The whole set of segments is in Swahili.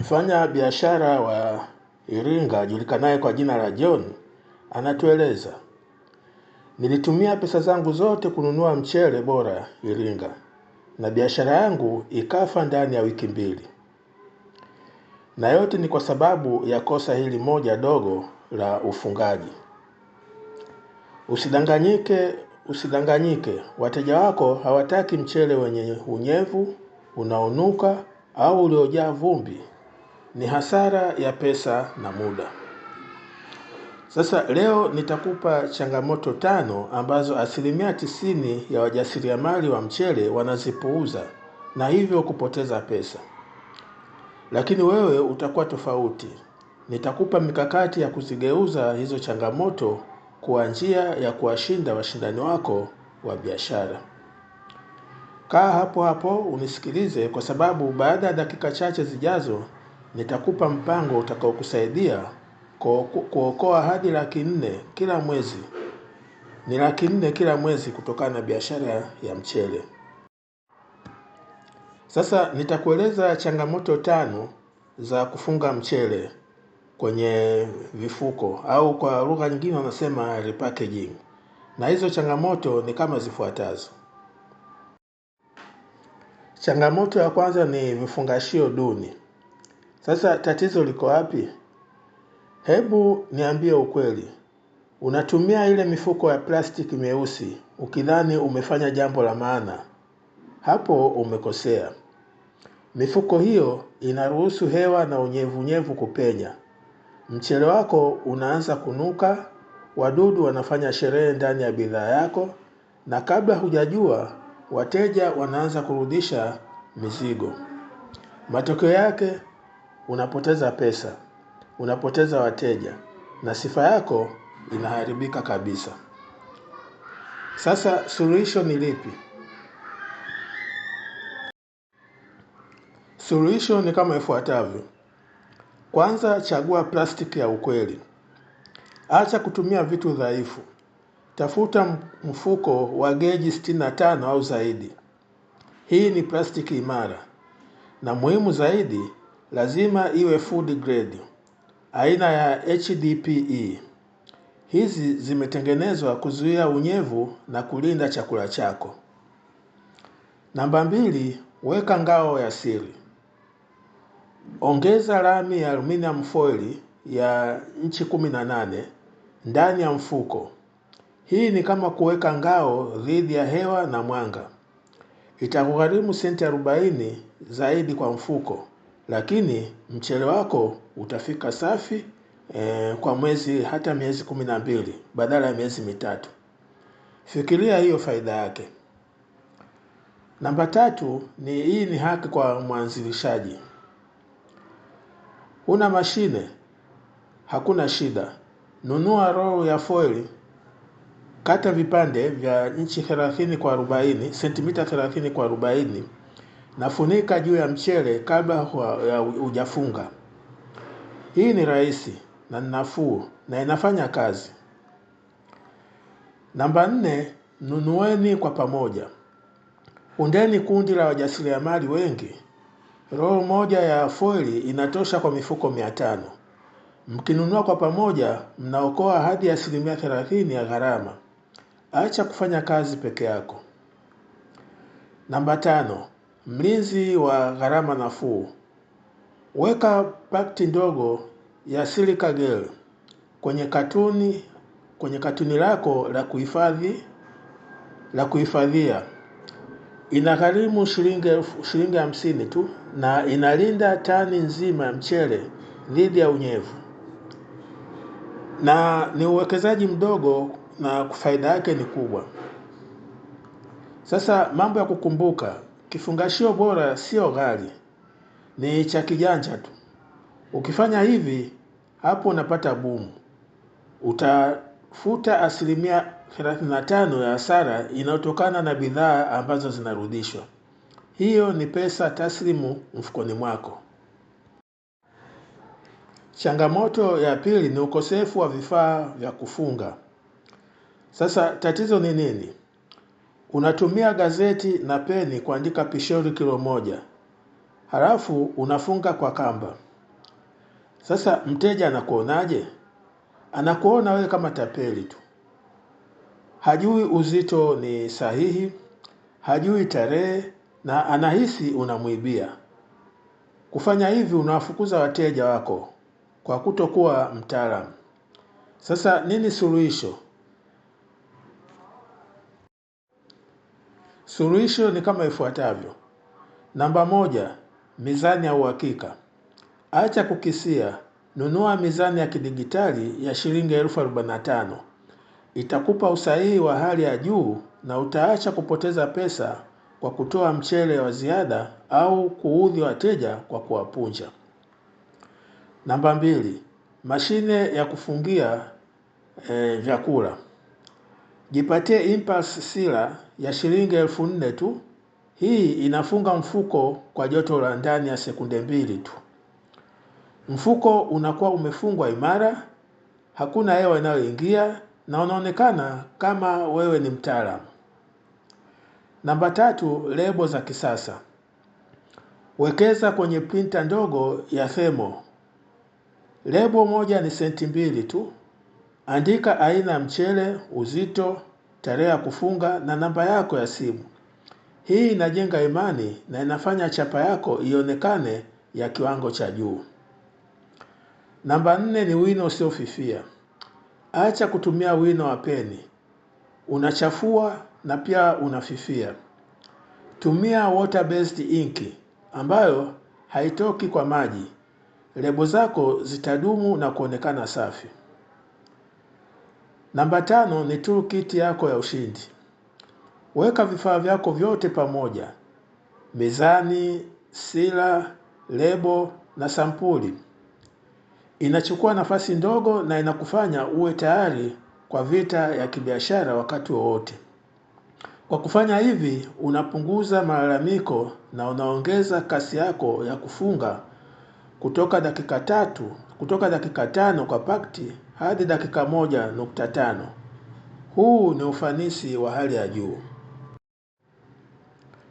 Mfanya biashara wa Iringa ajulikanaye kwa jina la John anatueleza, nilitumia pesa zangu zote kununua mchele bora Iringa na biashara yangu ikafa ndani ya wiki mbili, na yote ni kwa sababu ya kosa hili moja dogo la ufungaji. Usidanganyike, usidanganyike. Wateja wako hawataki mchele wenye unyevu, unaonuka au uliojaa vumbi ni hasara ya pesa na muda. Sasa leo nitakupa changamoto tano ambazo asilimia tisini ya wajasiriamali wa mchele wanazipuuza na hivyo kupoteza pesa. Lakini wewe utakuwa tofauti. Nitakupa mikakati ya kuzigeuza hizo changamoto kuwa njia ya kuwashinda washindani wako wa biashara. Kaa hapo hapo unisikilize kwa sababu baada ya dakika chache zijazo nitakupa mpango utakaokusaidia kuokoa hadi laki nne kila mwezi. Ni laki nne kila mwezi kutokana na biashara ya mchele. Sasa nitakueleza changamoto tano za kufunga mchele kwenye vifuko au kwa lugha nyingine wanasema repackaging. Na hizo changamoto ni kama zifuatazo. Changamoto ya kwanza ni vifungashio duni. Sasa tatizo liko wapi? Hebu niambie ukweli, unatumia ile mifuko ya plastiki meusi ukidhani umefanya jambo la maana. Hapo umekosea. Mifuko hiyo inaruhusu hewa na unyevunyevu kupenya. Mchele wako unaanza kunuka, wadudu wanafanya sherehe ndani ya bidhaa yako, na kabla hujajua, wateja wanaanza kurudisha mizigo. Matokeo yake unapoteza pesa, unapoteza wateja na sifa yako inaharibika kabisa. Sasa suluhisho ni lipi? Suluhisho ni kama ifuatavyo. Kwanza, chagua plastiki ya ukweli. Acha kutumia vitu dhaifu. Tafuta mfuko wa geji 65 au zaidi. Hii ni plastiki imara na muhimu zaidi lazima iwe food grade aina ya HDPE. Hizi zimetengenezwa kuzuia unyevu na kulinda chakula chako. Namba mbili, weka ngao ya siri. Ongeza lami ya aluminium foil ya nchi 18 ndani ya mfuko. Hii ni kama kuweka ngao dhidi ya hewa na mwanga. Itakugharimu senti 40 zaidi kwa mfuko, lakini mchele wako utafika safi e, kwa mwezi hata miezi kumi na mbili badala ya miezi mitatu. Fikiria hiyo faida yake. Namba tatu ni hii ni haki kwa mwanzilishaji. Una mashine? Hakuna shida. Nunua roll ya foili, kata vipande vya inchi 30 kwa 40, sentimita 30 kwa 40 Nafunika juu ya mchele kabla ya hujafunga. Hii ni rahisi na nafuu na inafanya kazi. Namba nne, nunueni kwa pamoja. Undeni kundi la wajasiriamali wengi. Roho moja ya foili inatosha kwa mifuko mia tano. Mkinunua kwa pamoja, mnaokoa hadi asilimia thelathini ya gharama. Acha kufanya kazi peke yako. Namba tano, Mlinzi wa gharama nafuu, weka pakti ndogo ya silica gel kwenye katuni kwenye katuni lako la kuhifadhi la kuhifadhia. Inagharimu shilingi shilingi hamsini tu na inalinda tani nzima ya mchele dhidi ya unyevu, na ni uwekezaji mdogo na faida yake ni kubwa. Sasa mambo ya kukumbuka Kifungashio bora sio ghali, ni cha kijanja tu. Ukifanya hivi, hapo unapata bumu, utafuta asilimia 35 ya hasara inayotokana na bidhaa ambazo zinarudishwa. Hiyo ni pesa taslimu mfukoni mwako. Changamoto ya pili ni ukosefu wa vifaa vya kufunga. Sasa tatizo ni nini? Unatumia gazeti na peni kuandika pishori kilo moja, halafu unafunga kwa kamba. Sasa mteja anakuonaje? Anakuona wewe kama tapeli tu, hajui uzito ni sahihi, hajui tarehe na anahisi unamwibia. Kufanya hivi unawafukuza wateja wako kwa kutokuwa mtaalamu. Sasa nini suluhisho? Suluhisho ni kama ifuatavyo. Namba moja, mizani ya uhakika. Acha kukisia, nunua mizani ya kidigitali ya shilingi elfu arobaini na tano. Itakupa usahihi wa hali ya juu na utaacha kupoteza pesa kwa kutoa mchele wa ziada au kuudhi wateja kwa kuwapunja. Namba mbili, mashine ya kufungia e, vyakula jipatie Impass Sila ya shilingi elfu nne tu. Hii inafunga mfuko kwa joto la ndani ya sekunde mbili tu. Mfuko unakuwa umefungwa imara, hakuna hewa inayoingia na unaonekana kama wewe ni mtaalamu. Namba tatu, lebo za kisasa. Wekeza kwenye printa ndogo ya Themo. Lebo moja ni senti mbili tu. Andika aina ya mchele, uzito, tarehe ya kufunga na namba yako ya simu. Hii inajenga imani na inafanya chapa yako ionekane ya kiwango cha juu. Namba nne ni wino usiofifia. Acha kutumia wino wa peni, unachafua na pia unafifia. Tumia water based ink ambayo haitoki kwa maji. Lebo zako zitadumu na kuonekana safi. Namba tano ni tu kiti yako ya ushindi. Weka vifaa vyako vyote pamoja: mizani, sila, lebo na sampuli. Inachukua nafasi ndogo na inakufanya uwe tayari kwa vita ya kibiashara wakati wowote. Kwa kufanya hivi, unapunguza malalamiko na unaongeza kasi yako ya kufunga kutoka dakika tatu kutoka dakika tano kwa pakti hadi dakika moja nukta tano. Huu ni ufanisi wa hali ya juu.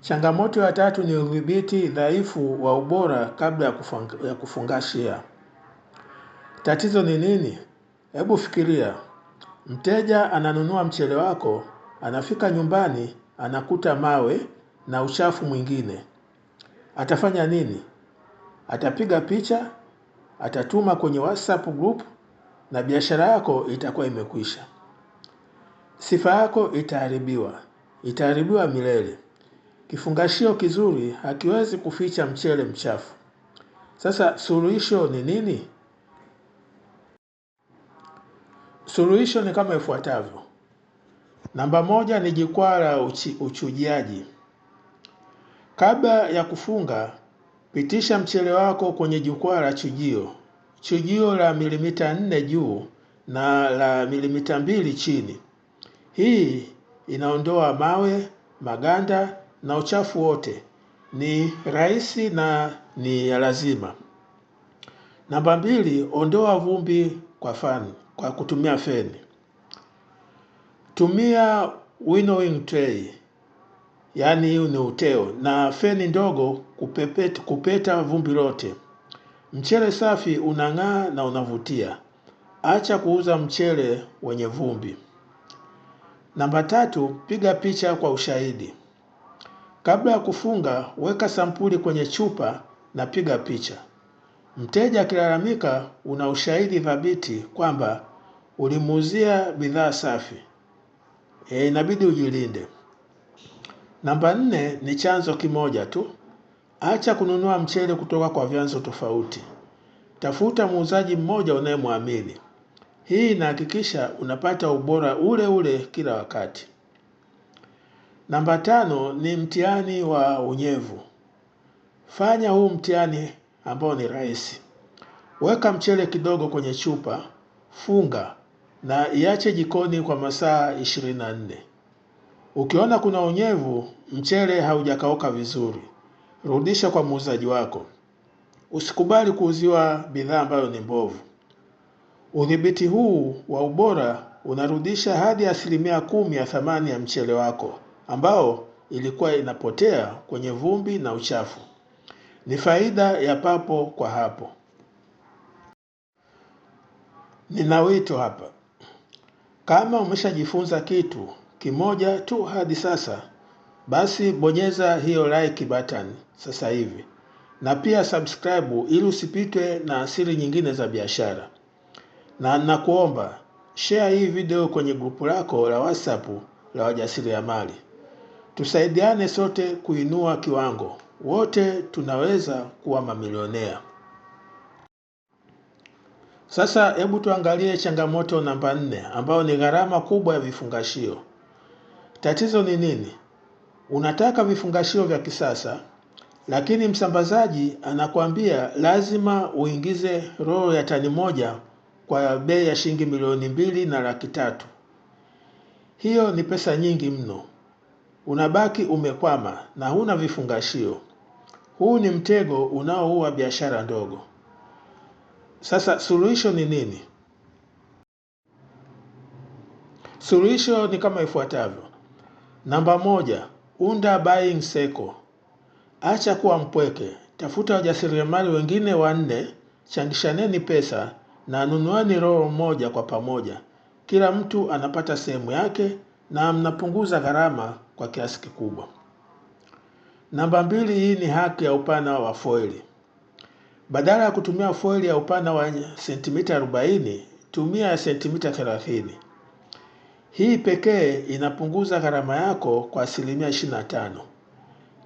Changamoto ya tatu ni udhibiti dhaifu wa ubora kabla ya, kufungashia. Tatizo ni nini? Hebu fikiria, mteja ananunua mchele wako, anafika nyumbani anakuta mawe na uchafu mwingine. Atafanya nini? Atapiga picha, atatuma kwenye WhatsApp group na biashara yako itakuwa imekwisha. Sifa yako itaharibiwa, itaharibiwa milele. Kifungashio kizuri hakiwezi kuficha mchele mchafu. Sasa suluhisho ni nini? Suluhisho ni kama ifuatavyo. Namba moja ni jukwaa la uchujiaji. Kabla ya kufunga, pitisha mchele wako kwenye jukwaa la chujio chujio la milimita nne juu na la milimita mbili chini. Hii inaondoa mawe, maganda na uchafu wote. Ni rahisi na ni ya lazima. Namba mbili, ondoa vumbi kwa fani kwa kutumia feni. Tumia winnowing tray, yaani ni uteo na feni ndogo kupepeta, kupeta vumbi lote. Mchele safi unang'aa na unavutia. Acha kuuza mchele wenye vumbi. Namba tatu, piga picha kwa ushahidi. Kabla ya kufunga, weka sampuli kwenye chupa na piga picha. Mteja akilalamika, una ushahidi thabiti kwamba ulimuuzia bidhaa safi. E, inabidi ujilinde. Namba nne ni chanzo kimoja tu. Acha kununua mchele kutoka kwa vyanzo tofauti. Tafuta muuzaji mmoja unayemwamini. Hii inahakikisha unapata ubora ule ule kila wakati. Namba tano ni mtihani wa unyevu. Fanya huu mtihani ambao ni rahisi. Weka mchele kidogo kwenye chupa, funga na iache jikoni kwa masaa 24. Ukiona kuna unyevu, mchele haujakauka vizuri. Rudisha kwa muuzaji wako. Usikubali kuuziwa bidhaa ambayo ni mbovu. Udhibiti huu wa ubora unarudisha hadi asilimia kumi ya thamani ya mchele wako ambao ilikuwa inapotea kwenye vumbi na uchafu. Ni faida ya papo kwa hapo. Nina wito hapa. Kama umeshajifunza kitu kimoja tu hadi sasa basi bonyeza hiyo like button sasa hivi na pia subscribe ili usipitwe na asili nyingine za biashara, na nakuomba share hii video kwenye grupu lako la WhatsApp la wajasiriamali. Tusaidiane sote kuinua kiwango, wote tunaweza kuwa mamilionea. Sasa hebu tuangalie changamoto namba nne, ambayo ni gharama kubwa ya vifungashio. Tatizo ni nini? Unataka vifungashio vya kisasa, lakini msambazaji anakuambia lazima uingize roho ya tani moja kwa bei ya shilingi milioni mbili na laki tatu. Hiyo ni pesa nyingi mno. Unabaki umekwama na huna vifungashio. Huu ni mtego unaoua biashara ndogo. Sasa suluhisho ni nini? Suluhisho ni kama ifuatavyo. Namba moja, Unda buying cycle. Acha kuwa mpweke, tafuta wajasiriamali wengine wanne, changishaneni pesa na nunueni roho moja kwa pamoja. Kila mtu anapata sehemu yake na mnapunguza gharama kwa kiasi kikubwa. Namba mbili, hii ni haki ya upana wa foili. Badala ya kutumia foili ya upana wa sentimita 40, tumia ya sentimita 30. Hii pekee inapunguza gharama yako kwa asilimia 25.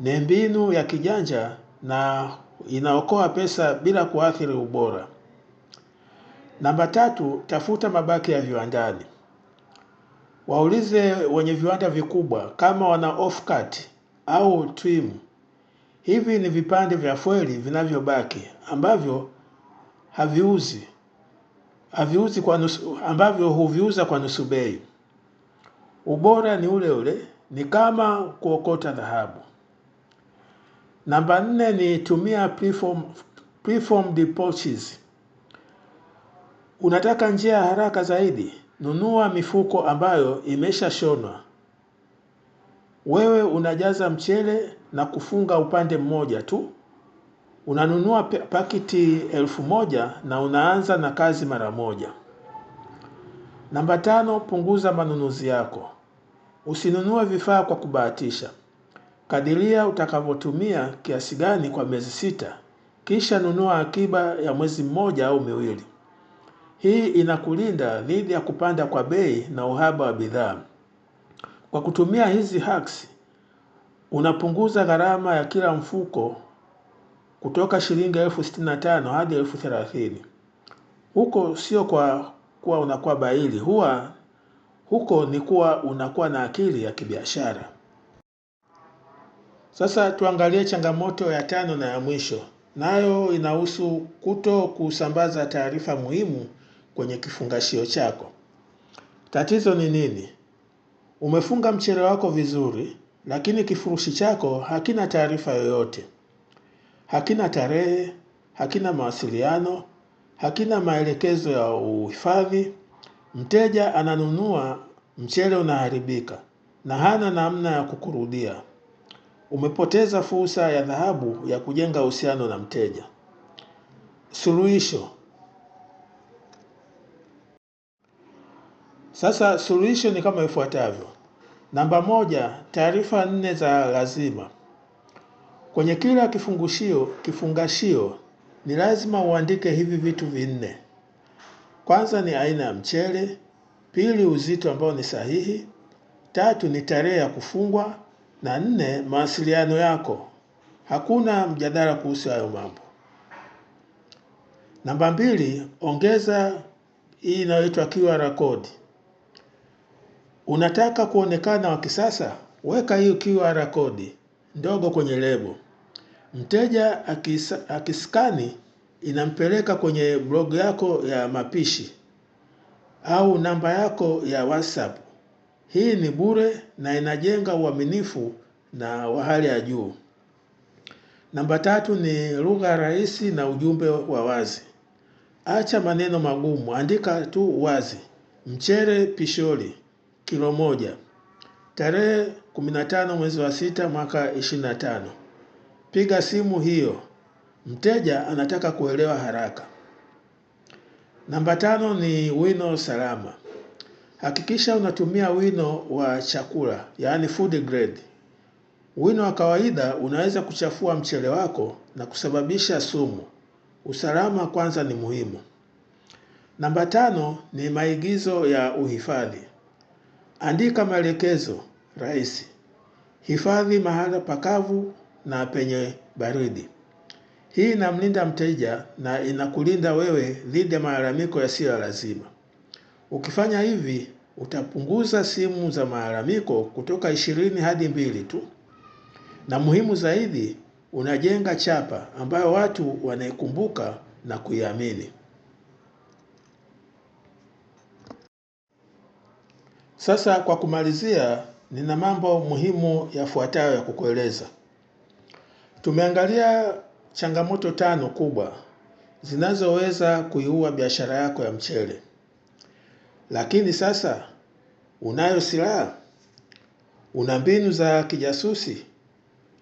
Ni mbinu ya kijanja na inaokoa pesa bila kuathiri ubora. Namba tatu, tafuta mabaki ya viwandani. Waulize wenye viwanda vikubwa kama wana offcut au trim. Hivi ni vipande vya fueli vinavyobaki ambavyo haviuzi haviuzi kwa nusu, ambavyo huviuza kwa nusu bei ubora ni ule ule, ni kama kuokota dhahabu. Namba nne ni tumia preform, preformed pouches. Unataka njia ya haraka zaidi? Nunua mifuko ambayo imeshashonwa. Wewe unajaza mchele na kufunga upande mmoja tu. Unanunua pakiti elfu moja na unaanza na kazi mara moja. Namba tano, punguza manunuzi yako. Usinunue vifaa kwa kubahatisha. Kadiria utakavyotumia kiasi gani kwa miezi sita, kisha nunua akiba ya mwezi mmoja au miwili. Hii inakulinda dhidi ya kupanda kwa bei na uhaba wa bidhaa. Kwa kutumia hizi hacks, unapunguza gharama ya kila mfuko kutoka shilingi elfu sitini na tano hadi elfu thelathini. Huko sio kwa kuwa unakuwa baili, huwa huko ni kuwa unakuwa na akili ya kibiashara. Sasa tuangalie changamoto ya tano na ya mwisho, nayo inahusu kuto kusambaza taarifa muhimu kwenye kifungashio chako. Tatizo ni nini? Umefunga mchele wako vizuri, lakini kifurushi chako hakina taarifa yoyote, hakina tarehe, hakina mawasiliano, hakina maelekezo ya uhifadhi, Mteja ananunua, mchele unaharibika na hana namna ya kukurudia. Umepoteza fursa ya dhahabu ya kujenga uhusiano na mteja. Suluhisho. Sasa suluhisho ni kama ifuatavyo. Namba moja, taarifa nne za lazima. Kwenye kila kifungushio, kifungashio ni lazima uandike hivi vitu vinne. Kwanza ni aina ya mchele, pili uzito ambao ni sahihi, tatu ni tarehe ya kufungwa na nne mawasiliano yako. Hakuna mjadala kuhusu hayo mambo. Namba mbili, ongeza hii inayoitwa QR code. Unataka kuonekana wa kisasa? Weka hiyo QR code ndogo kwenye lebo. Mteja akiskani inampeleka kwenye blog yako ya mapishi au namba yako ya WhatsApp. Hii ni bure na inajenga uaminifu na wa hali ya juu. Namba tatu ni lugha rahisi na ujumbe wa wazi. Acha maneno magumu, andika tu wazi. Mchere pishori kilo moja, tarehe 15 mwezi wa sita mwaka 25. Piga simu hiyo Mteja anataka kuelewa haraka. Namba tano ni wino salama. Hakikisha unatumia wino wa chakula, yaani food grade. Wino wa kawaida unaweza kuchafua mchele wako na kusababisha sumu. Usalama kwanza ni muhimu. Namba tano ni maigizo ya uhifadhi. Andika maelekezo rahisi. Hifadhi mahala pakavu na penye baridi. Hii inamlinda mteja na inakulinda wewe dhidi ya malalamiko yasiyo ya lazima. Ukifanya hivi, utapunguza simu za malalamiko kutoka ishirini hadi mbili tu, na muhimu zaidi, unajenga chapa ambayo watu wanaikumbuka na kuiamini. Sasa kwa kumalizia, nina mambo muhimu yafuatayo ya kukueleza. Tumeangalia Changamoto tano kubwa zinazoweza kuiua biashara yako ya mchele. Lakini sasa unayo silaha, una mbinu za kijasusi.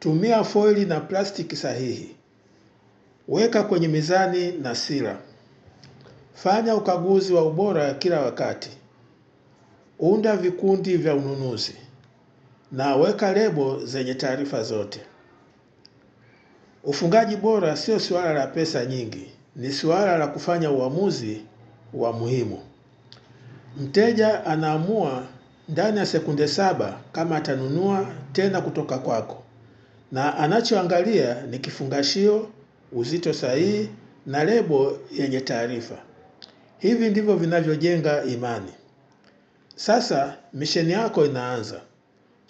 Tumia foili na plastiki sahihi, weka kwenye mizani na sila fanya ukaguzi wa ubora kila wakati, unda vikundi vya ununuzi na weka lebo zenye taarifa zote. Ufungaji bora sio suala la pesa nyingi, ni suala la kufanya uamuzi wa muhimu. Mteja anaamua ndani ya sekunde saba kama atanunua tena kutoka kwako, na anachoangalia ni kifungashio, uzito sahihi na lebo yenye taarifa. Hivi ndivyo vinavyojenga imani. Sasa misheni yako inaanza.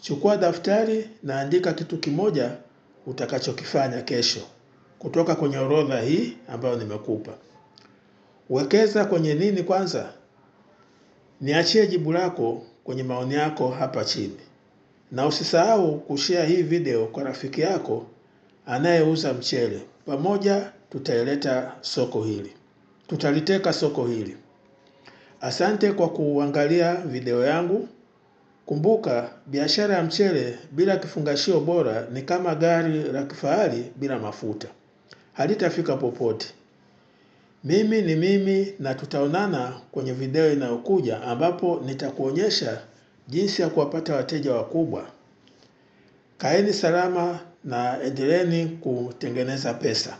Chukua daftari na andika kitu kimoja utakachokifanya kesho kutoka kwenye orodha hii ambayo nimekupa. Wekeza kwenye nini kwanza? Niachie jibu lako kwenye maoni yako hapa chini, na usisahau kushare hii video kwa rafiki yako anayeuza mchele. Pamoja tutaileta soko hili, tutaliteka soko hili. Asante kwa kuangalia video yangu. Kumbuka, biashara ya mchele bila kifungashio bora ni kama gari la kifahari bila mafuta, halitafika popote. Mimi ni mimi, na tutaonana kwenye video inayokuja ambapo nitakuonyesha jinsi ya kuwapata wateja wakubwa. Kaeni salama na endeleeni kutengeneza pesa.